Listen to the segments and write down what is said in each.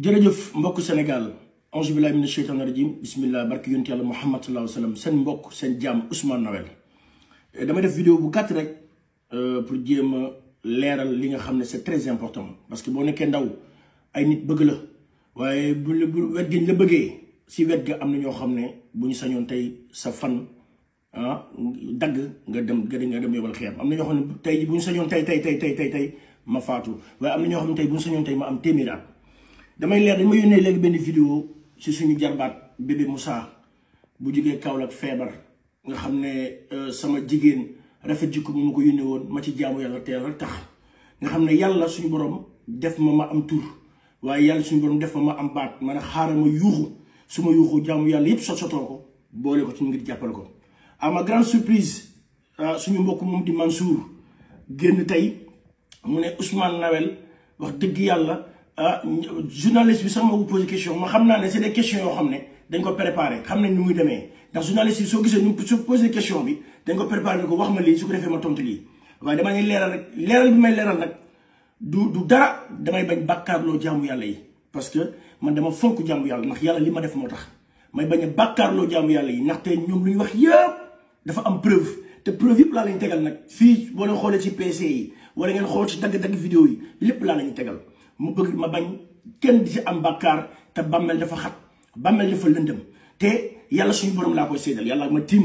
jërëjëf mbokk Sénégal ange billahi mina sheytaan rajim bismillah barke yonent yàlla Muhammad sallallahu alayhi wasallam seen mbokk seen jaam Ousmane Noël eh, dama def vidéo bu gàtt rek euh, pour jéem a leeral li nga xam ne c'est très important parce que boo nekkee ndaw ay nit bëgg la waaye bu bu wet gi la bëggee si wet ga am na ñoo xam ne bu ñu sañoon tey sa fan ah dagg nga dem nga dem yobal xeer am na ñoo xam ne tey bu ñu sañoon tey tey tey tey tey ma faatu waaye am na ñoo xam ne tey bu ñu tey ma am téeméeraat damay leer ma yónnee léegi benn vidéo ci suñu jarbaat bébé Moussa bu jógee Kaolack feebar nga xam ne euh, sama jigéen rafet jikko bi ma ko yónnee woon ma ci jaamu yàlla teel rek tax nga xam ne yàlla suñu borom def ma ma am tur waaye yàlla suñu borom def ma ma am baat man a xaaral ma yuuxu su ma yuuxu jaamu yàlla yëpp sot sotoo ko boole ko ci ngir jàppal ko à ma grande surprise euh, suñu mbokk moom di Mansour génn tey mu ne Ousmane Nawel wax dëgg yàlla Ah, journaliste bi sax moo ko posé question ma xam naa ne c'est des questions yoo xam ne dañ ko préparé xam nañ ñu muy demee ndax journaliste bi soo gisee ñu su posé question bi dañ ko préparé ko wax ma lii su ko defee ma tontu lii waaye dama ne leeral rek leeral bi may leeral nag du du dara damay bañ bàkkaarloo jaamu yàlla yi parce que man dama fonk jaamu yàlla ndax yàlla li ma def moo tax may bañ a bàkkaarloo jaamu yàlla yi ndaxte ñoom lu ñu wax yëpp dafa am preuve te preuve yëpp laa lañ tegal boo leen xoolee ci PC yi wala ngeen ci dagg-dagg vidéo yi lépp laa lañu tegal mu bëgg ma bañ kenn di si am bàkkaar te bàmmeel dafa xat bàmmeel dafa lëndëm te yàlla suñu borom laa koy séedal yàlla ma tiim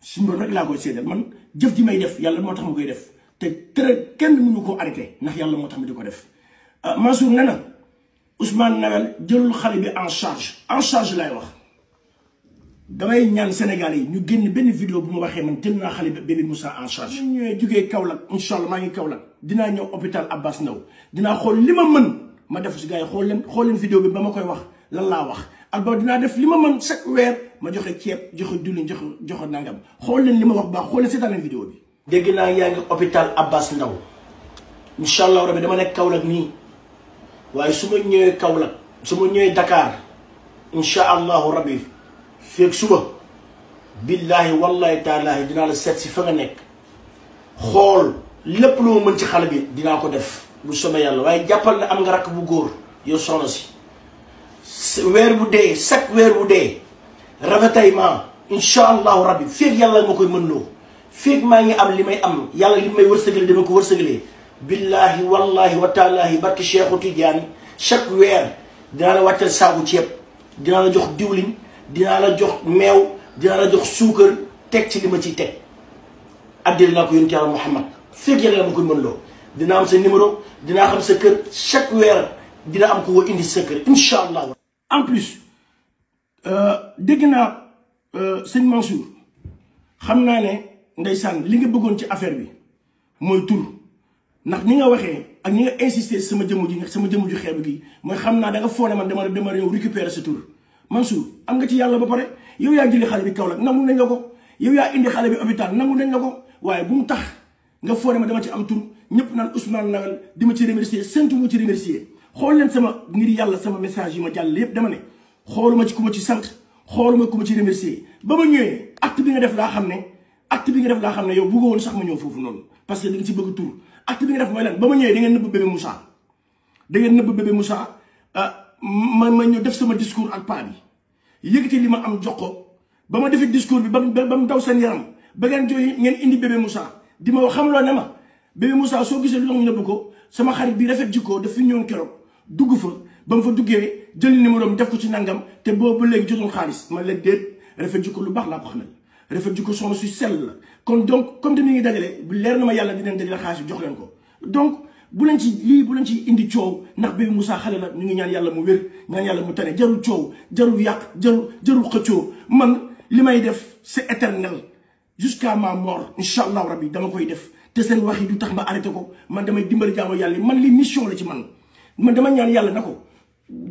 suñu borom rek laa koy séedal man jëf ji may def yàlla moo tax ma koy def te tere kenn mënu koo arrêté ndax yàlla moo tax ma di ko def euh, Mansour nee na Ousmane Noël xale bi en charge en charge lay wax damay ñaan Sénégal yi ñu génn benn vidéo bu ma waxee man teel naa xale bébé Moussa en charge. jugee Kaolack incha allah maa ngi Kaolack dinaa ñëw hôpital Abbas Ndao dinaa xool li ma mën ma def si gars yi xool leen xool leen bi ba ma koy wax lan laa wax ak ba def li ma mën chaque weer ma joxe ceeb joxe diwlin joxe joxe nangam xool leen li ma wax baax xool leen seetaan leen bi. dégg naa yaa ngi hôpital Abbas Ndao allah rabi dama nekk Kaolack nii waaye su ma ñëwee Kaolack su ma ñëwee dakaar incha allahu rabi. feeg suba billaahi wallahi taalaahi dinaa la seet si fa nga nekk xool lépp lu ma mën ci xale bi dinaa ko def bu soobee yàlla waaye jàppal ne am nga rakk bu góor yow soxna si weer bu dee chaque weer bu dee ma incha allahu rabbi feeg yàlla nga koy mën loo feeg maa ngi am li may am yàlla li may wërsëgalee dama ko wërsëgalee billaahi wallahi wa taalaahi barki Cheikhu Tidiane chaque weer dinaa la wàccal saabu ceeb dinaa la jox diwlin dinaa la jox meew dinaa la jox suukar teg ci li ma ciy teg addil naa ko yonent yàlla Muhammad fekk yàlla ma koy mën loo dina am sa numéro dinaa xam sa kër chaque weer dina am ko woo indi sa kër incha allah en plus euh, dégg naa euh, sëñ Mansour xam naa ne ngay ndeysaan li nga bëggoon ci affaire bi mooy tur ndax ni nga waxee ak ni nga insister sama jëmm ji sama jëmm ju xeebu gi mooy xam naa danga nga foone man dama dama réew récupérer sa tur man Mansour am nga ci yàlla ba pare yow yaa jëli xale bi Kaolack nangu nañ ko yow yaa indi xale bi hôpital nangu nañ la ko waaye bu mu tax nga foone ma dama ci am tur ñëpp naan Ousmane Noël di ma ci remercier sentu mu ci remercier xool leen sama ngir yàlla sama message yi ma jàll yépp dama ne xooluma ci ku ma ci sant xooluma ku ma ci remercier ba ma ñëwee acte bi nga def laa xam ne acte bi nga def laa xam ne yow bëggoo woon sax ma ñëw foofu noonu parce que da nga ci bëgg tur acte bi nga def ba ma ñëwee da ma ma ñëw def sama discours ak paa bi yëkkati li ma am jox ko ba ma defee discours bi ba mu daw seen yaram ba ngeen jooy ngeen indi bébé Moussa di ma xam loo ne ma bébé Moussa soo gisee lu ñu nëbb ko sama xarit bi rafet jikko daf fi ñëwoon keroog dugg fa ba mu fa duggee jël numéro def ko ci nangam te boobu ba léegi jotoon xaalis ma la déet rafet jikko lu baax laa ko xamal rafet jikko soxna su sell la kon donc comme te mi ngi dajale leer na ma yàlla dinañ dajale xaalis bi jox leen ko bu leen ci lii bu leen ci indi coow ndax Bébé Moussa xale la ñu ngi ñaan yàlla mu wér ñaan yàlla mu tane jarul coow jarul yàq jarul jarul xëccoo man li may def c'est éternel jusqu'à ma mort allah allahu yi dama koy def te seen wax yi du tax ma arrêté ko man damay dimbali jaamu yàlla man li mission la ci man man dama ñaan yàlla na ko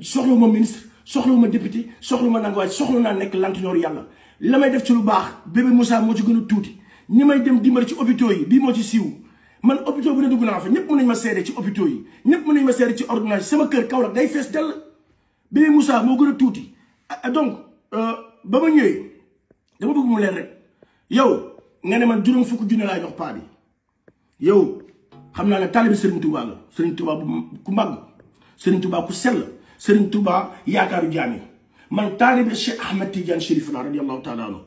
soxla ma ministre soxla ma député soxla ma nanguwaay soxla naa nekk lantinoor yàlla la may def ci lu baax Bébé Moussa moo ci gën a tuuti ñi may dem dimbali ci hôpitaux yi bii moo ci siiw man hôpitaux bu ne dugg naa fa ñëpp mën nañu ma seede ci hôpitaux yi ñëpp na nañu ma seede ci ordonnance sama kër Kaolack day fees dell bébé Moussa moo gën a tuuti ah, ah, donc euh, ba ma ñëwee dama bëgg mu leer rek yow nga ne man juróom fukk junne laa jox paa bi yow xam naa ne taalibi Serigne Touba la Serigne Touba bu ku màgg Serigne Touba ku sell Serigne Touba yaakaaru jaam man taalibi Cheikh Ahmed Tidiane Chérif la radiyallahu taala anhu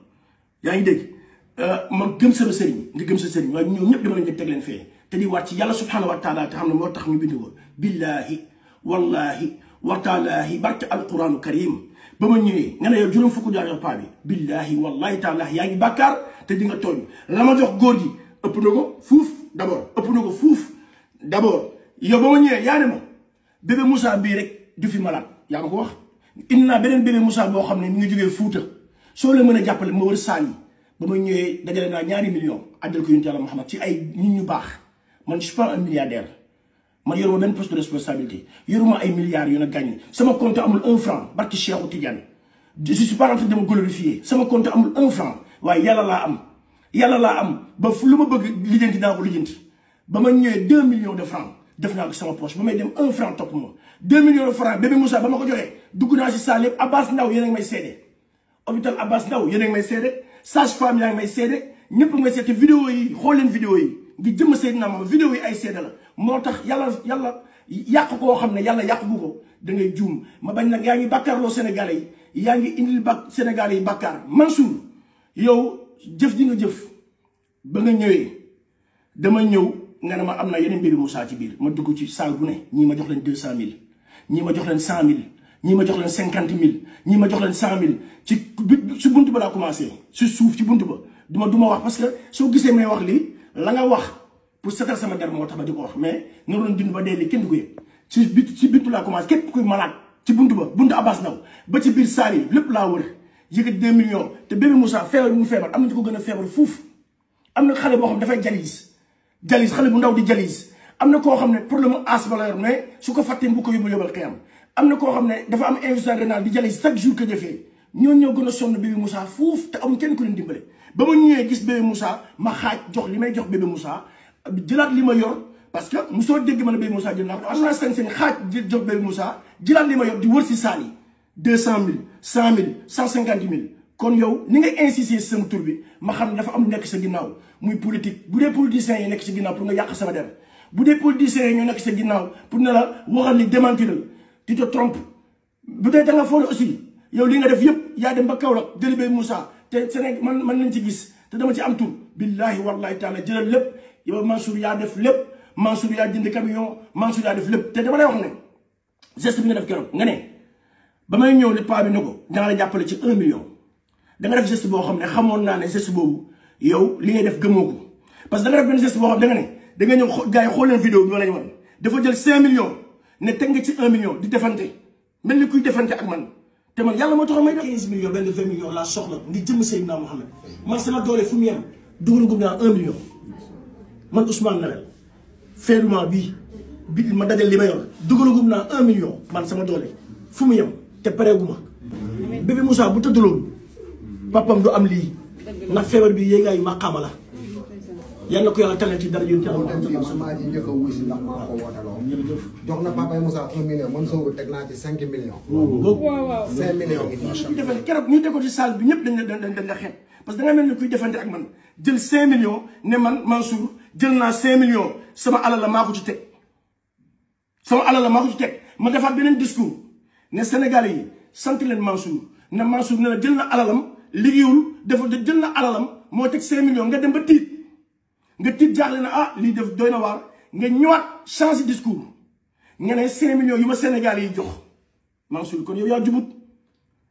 yaa ngi dégg Euh, ma gëm sama sëriñ nga gëm sa sëriñ waaye ñoom ñëpp dama leen di teg leen fee te di waat ci yàlla subhanahu wa taala te xam ne moo tax ñu bind ko billaahi wallaahi wa taalaahi barke alquranu karim ba ma ñëwee nga ne yow juróom fukk jaar yow paa bi billaahi wallaahi taalaahi yaa ngi bàkkaar te di nga tooñ la ma jox góor gi ëpp na ko fuuf d'abord ëpp na ko fuuf d'abord yow ba ma ñëwee yaa ne ma bébé Moussa bii rek du fi malaat yaa ma ko wax indi naa beneen bébé boo xam ne mi ngi jógee Fuuta soo leen mën a jàppale ma wër saan ba may ñëwee dajale naa ñaari million àddal ko yonent yàlla Muhammad ci ay nit ñu baax man je suis pas un milliardaire man yoruma benn poste de responsabilité yoruma ay milliards yu na gagné sama compte amul un franc barki Cheikhou Tidiane je suis pas en train de me glorifier sama compte amul un franc waaye yàlla laa am yàlla laa am ba fu lu ma bëgg lijjanti naa ko lijjanti ba ma ñëwee deux millions de francs def naa sama poche ba may dem un franc topp de francs ba ma ko joxee dugg naa si saa lépp Ndaw yéen a may seede hôpital Abbas Ndaw yéen a ngi sage femme yaa ngi may seede ñëpp nga seete vidéo yi xool leen vidéo yi ngi jëm Seydina Mohamed vidéo yi ay seede la moo tax yàlla yàlla yàq koo xam ne yàlla yàq bu ko da ngay juum ma bañ nag yaa ngi bàkkaarloo Sénégalais yi yaa ngi indi ba Sénégalais yi bàkkaar Mansour yow jëf ji nga jëf ba nga ñëwee dama ñëw nga ne ma am na yeneen mbiri Moussa ci biir ma dugg ci saal bu ne ñii ma jox leen deux cent mille ñii ma jox leen cent mille ñi ma jox leen cinquante mille ñi ma jox leen cent mille ci ci bunt ba laa commencé ci suuf ci bunt ba du ma du wax parce que soo gisee may wax lii la nga wax pour setal sama der moo tax ma di ko wax mais nga doon dund ba kenn du ko ci bit laa commencé képp kuy malade ci bunt ba buntu Abass Ndao ba ci biir saal lépp laa wër yëkkati deux millions te bébé Moussa feebar bi mu feebar am na ñu ko gën a feebar fuuf am na xale boo xam ne dafay jalis jalis xale bu ndaw di jalis am na koo xam ne problème mu asma la mais su ko fàttee bu ko yóbbu yóbbal xëyam am na koo xam ne dafa am insuffisance rénale di jëlee chaque jour que jëfee ñoo ñoo gën a sonn bébé Moussa fuuf kenn ku leen dimbale ma ñëwee gis bébé Moussa ma xaaj jox li may jox bébé Moussa jëlaat li ma yor parce que mosoo dégg ma ne bébé Moussa jël naa ko am naa sañ-sañ xaaj jox li ma yor di wër si saal yi deux cent mille cent mille cent cinquante mille kon yow ni nga insister sama tur bi ma xam ne dafa nekk sa ginnaaw muy politique bu dee politiciens yi nekk sa ginnaaw pour nga yàq sama der bu dee politiciens yi ñoo nekk sa ginnaaw pour na la waxal li démentir la tu te trompes bu dee da nga foog aussi yow li nga def yëpp yaa dem ba Kaolack délibé Moussa te Sénégal man man nañ ci gis te dama ci am tur billahi wallahi taala jëlal lépp yow Mansour yaa def lépp Mansour yaa jënd camion Mansour yaa def lépp te dama lay wax ne geste bi nga def keroog nga ne ba may ñëw ne paa bi ne ko danga jàppale ci million da def geste boo xam ne xamoon naa ne geste boobu yow li ngay def gëmoo ko parce que da nga def benn boo xam ne da ñëw gars xool leen vidéo bi ma lañ dafa jël cinq millions ne teg nga ci un million di defante mel ni kuy defante ak man te man yàlla moo taxoon may def. 15 millions benn 20 millions laa soxla ngir jëm Seydina Mohamed man sama doole fu mu yem dugalagum naa un million man Ousmane Noël feelumaa bi ma dajal li ma yor dugalagum naa un million man sama doole fu mu yem te pareeguma bébé musaa bu tëdduloon papam du am lii ndax feebar bi yéegaayu maqaama la. yal na ko yàlla talal ci dara yéen ci amul tamit su maa ji njëkk a wuy si ndax maa ko wooteloo jox na Papa Moussa un million man soobu teg naa ci cinq millions cinq millions ñu defante keroog ñu def ko ci salle bi ñëpp dañ dañ dañ la xeet parce que da nga mel ni kuy defante ak man jël cinq millions ne man Mansour jël naa cinq millions sama alal la maa ko ci teg sama alal la maa ko ci teg ma defaat beneen discours ne Sénégalais yi sant leen Mansour ne Mansour ne la jël na alalam liggéeyul dafa jël na alalam moo teg cinq millions nga dem ba tiit nga tiit jaaxle na ah lii def doy na waar nga ñëwaat change discours nga ne cinq millions yu ma Sénégal yi jox Mansour kon yow yaa jubut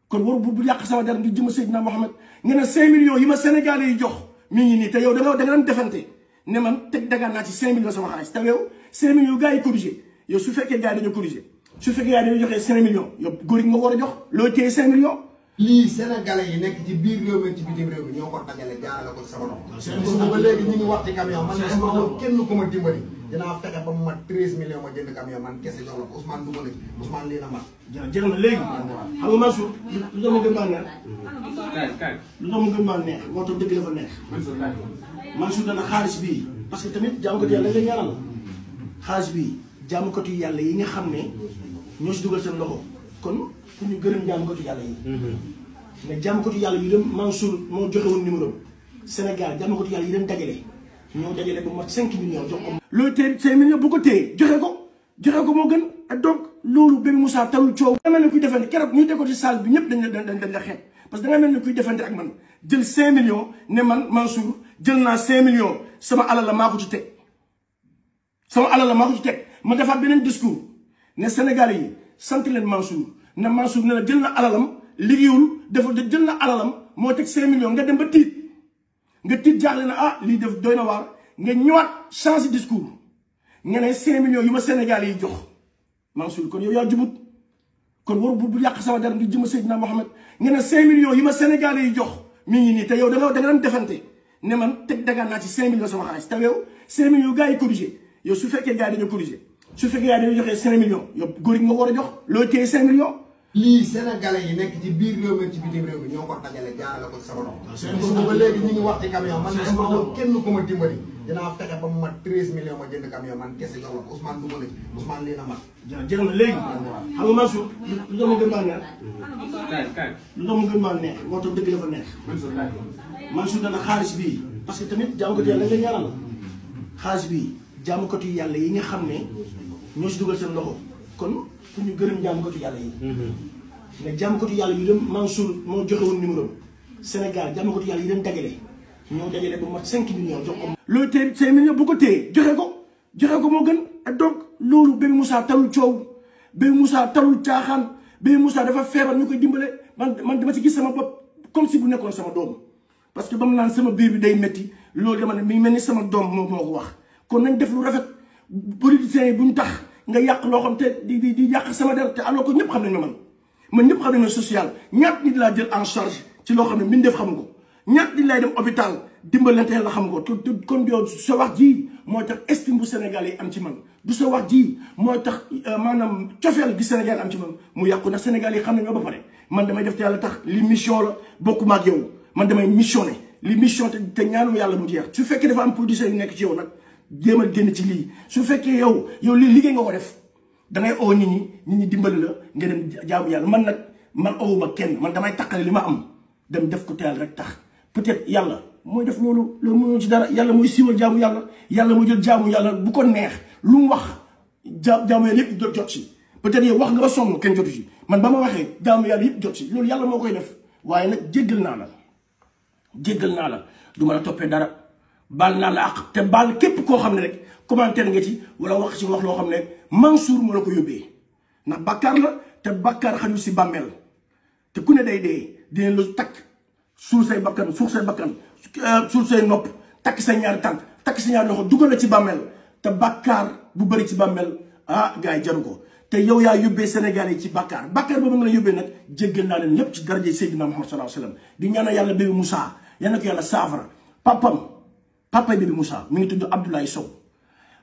kon war bu yàq sama der di jëma Seydina Mohamed nga ne cinq millions yi ma Sénégal yi jox mi ngi nii te yow da nga da nga doon defante ne man teg dagaan naa ci cinq millions sama xaalis te yow cinq millions gars yi corrigé yow su fekkee gars yi dañoo corrigé su fekkee gars yi dañoo joxee cinq millions yow góor jox looy téye cinq millions lii sénégalais yi nekk ci biir réew mi ci bitim réew mi ñoo ko dajale jaarale ko sama loxo. ba léegi ñu ngi wax ci camion man de ma kenn ku ma dimbali. dinaa fexe ba mu mat treize millions ma jënd camion man kese jox ko Ousmane dugg na ci Ousmane lii na léegi. xam lu doon gën maa neex. kaay kaay lu doon ma gën maa neex dana xaalis bii. parce que tamit jaamukatu yàlla la ñaanal. xaalis bii jaamukatu yàlla yi nga xam ne ñoo si dugal seen loxo kon pour ñu gërëm jaamukatu yàlla yi. Mhm. mais jaamukatu yàlla yi dem Mansour moo joxe woon numéro Sénégal jaamukatu yàlla yi dem dajale ñoo dajale ba mot 5 millions jox ko. loolu tey 5 millions bu ko téye joxe ko joxe moo gën ak donc loolu Bébé Moussa tawul coow. da nga mel ne kuy defante keroog ñu déggoo ci salle bi ñëpp dañ la dañ dañ la xeeb parce que da nga mel ne kuy defante ak man jël 5 millions ne man Mansour jël naa 5 millions sama alal la maa ko ci teg sama alal la maa ko ci teg ma defaat beneen discours ne Sénégalais yi. sant leen Mansour na Mansour ne la jël na alalam liggéeyul de jël na alalam moo teg 5 millions nga dem ba tiit nga tiit jaaxle na ah lii def doy na waar nga ñëwaat change discours nga ne 5 millions yu ma Sénégal yi jox Mansour kon yow yaa jubut kon war bu yàq sama dara ngir jëma Seydina Mohamed nga ne 5 millions yu ma Sénégal yi jox mi ngi nii te yow da nga da defante ne man teg dagaan naa ci 5 millions sama xaalis te yow 5 millions gars yi corrigé yow su fekkee gars yi dañoo corrigé. su fekkee yaa dañuy joxee 5 millions yow góor gi nga war a jox loo téye 5 millions. lii sénégalais yi nekk ci biir réew mi ci bitim réew mi ñoo ko dajale jaarale ko sama ah, loxo. ba léegi ngi wax ci camion man de ma ma dimbali. man kese jox na ci Ousmane lii na mat. jërëjëf jeex léegi. xam nga Mansour. lu lu doon gën maa neex moo tax dëgg xaalis bii. parce que tamit jàmm ko la nga ñaanal xaalis bii jaamukatu yàlla yi nga xam ne ñoo si dugal seen loxo kon fu ñu gërëm jaamukatu yàlla yi. mais mm-hmm. jaamukatu yàlla yi dem Mansour moo joxe woon numéro Sénégal jaamukatu yàlla yi dem dajale ñoo dajale ba mat 5 millions jox ko. loolu tey bu ko téye joxe ko joxe ko moo gën donc loolu bébé musaa talul coow bébé Moussa talul caaxaan bébé Moussa dafa feebar ñu koy dimbale man man dama si gis sama bopp comme si bu nekkoon sama doom parce que ba mu naan sama biir bi day métti loolu dama ne mi ngi mel ni sama doom moo ko wax. kon nañ def lu rafet politiciens yi bu ñu tax nga yàq loo xam te di di yàq sama der te alors que ñëpp xam nañ ma man man ñëpp xam nañ ne social ñaat nit laa jël en charge ci loo xam ne mbindeef xam ko ñaat nit lay dem hôpital dimbalante la xam ko te kon yow sa wax ji mooy tax estime bu Sénégal yi am ci man du sa ji mooy tax euh, maanaam cofeel gi Sénégal am ci man mu yàqu ndax Sénégal yi xam nañ ma ba pare man damay def te yàlla tax li mission la bokk ak yow man damay missionné li mission te ñaanuma yàlla mu jeex su fekkee dafa am producteur yu nekk ci yow nag jéem a génn ci lii su fekkee yow yow lii liggéey nga ko def dangay ngay oo nit ñi nit ñi dimbali la nga dem jaamu yàlla man nag man owuma kenn man damay taqale li ma am dem def ko teel rek tax peut-être yàlla mooy def loolu ci dara yàlla mooy siiwal jaamu yàlla yàlla mooy jël jaamu yàlla bu ko neex lu mu wax ja jaamu yàlla yëpp jot si. peut-être yow wax nga ba sonn kenn jotu si man ba ma waxee jaamu yàlla yëpp jot si loolu yàlla moo koy def waaye nag jéggal naa la jéggal naa la du ma la toppee dara. baal naa la àq te baal képp koo xam ne rek commentaire nga ci wala wax ci wax loo xam ne suur moo la ko yóbbee ndax bàkkaar la te bàkkaar xaju si bàmmeel te ku ne day dee dinañ la takk suul say bakkan suul say bakkan euh, suul say nopp takk sa ñaari tànk takk sa ñaari loxo dugal la ci bàmmeel te bàkkaar bu bari ci bàmmeel ah gars yi jaru ko te yow yaa yóbbee Sénégal yi ci bàkkaar bàkkaar boobu nga la yóbbee nag jéggal naa leen lépp ci daraje Seydina Muhammad sallallahu alayhi wa di ñaanal yàlla bébé Moussa yal na ko papa bébé Moussa mi ngi tudd Abdoulaye Sow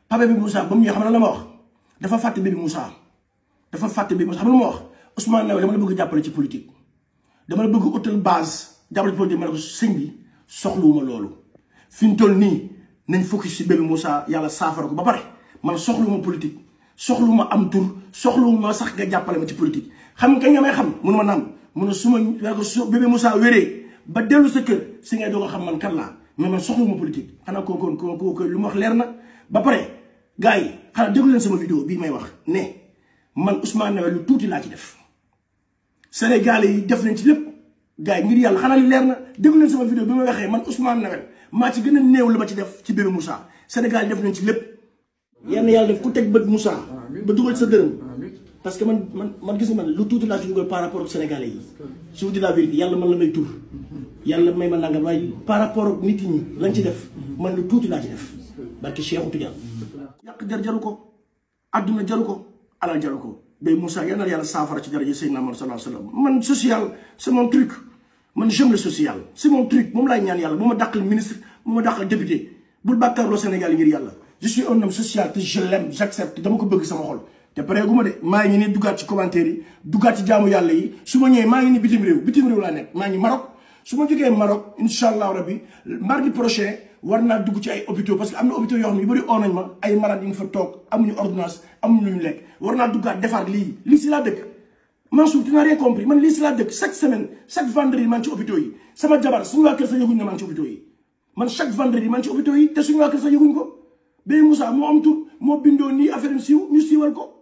papa bébé Moussa ba mu ñëw xam na la ma wax dafa fàtte bébé Moussa dafa fàtte bébé Moussa xam na ma wax Ousmane Nawel dama la bëgg jàppale ci politique dama la bëgg utal base jàppale ci politique ma ne ko sëñ loolu fi toll nii nañ focus si bébé Moussa yàlla saafara ba pare man soxluwuma politique soxluwuma am tur soxluwuma sax nga jàppale ma ci politique xam nga nga may xam ma naan mun na su ma ko bébé Moussa wéree ba dellu sa kër si ngay doo ko xam man kan laa man man soxlawuma politique xanaa kon kon kon ko lu ma wax leer na ba pare gars yi xanaa déglu leen sama vidéo bii may wax ne man Ousmane Noël lu tuuti laa ci def Sénégalais yi def nañ ci lépp gars yi ngir yàlla xanaa li leer na déglu leen sama vidéo bi may waxee man Ousmane Noël maa ci gën a néew la ma ci def ci bébé Moussa Sénégal def nañ ci lépp. yenn yàlla def ku teg bët Moussa ba dugal sa dërëm. parce que man man man gis nga man lu tuuti laa ci dugal par rapport yàlla man la may tur yàlla may ma nangam waaye par rapport ak nit ñi lañ ci def man lu tuuti laa ci def barke Cheikh Tidiane yàq der jaru ko adduna jaru ko alal jaru ko bay Moussa yal na yàlla saafara ci daraja Seydina Muhammad sallallahu alayhi man social c'est mon truc man j'aime social c'est mon moom laay ñaan yàlla bu ma dàqal ministre bu ma dàqal député bul bàkkaarloo Sénégal ngir yàlla je suis un homme social te je l'aime j'accepte dama ko bëgg sama xol te pareegu ma de maa ngi nii duggaat ci commentaire yi duggaat ci jaamu yàlla yi su ma ñëwee maa ngi ni bitim réew bitim réew laa nekk maa ngi Maroc su ma jógee Maroc incha allah rabi mardi prochain war naa dugg ci ay hôpitaux parce que am na hôpitaux yoo xam ne yu bëri oo nañ ma ay malade yi nga fa toog amuñu ordonnance amuñu lu ñu lekk war naa duggaat defar lii lii si laa dëkk Mansour tu n'as rien compris man lii si laa dëkk chaque semaine chaque vendredi man ci hôpitaux yi sama jabar suñu waa kër sa yëguñ ne man ci hôpitaux yi man chaque vendredi man ci hôpitaux yi te sa yëguñ ko bé Moussa moo am tur moo bindoo nii affaire siiw ko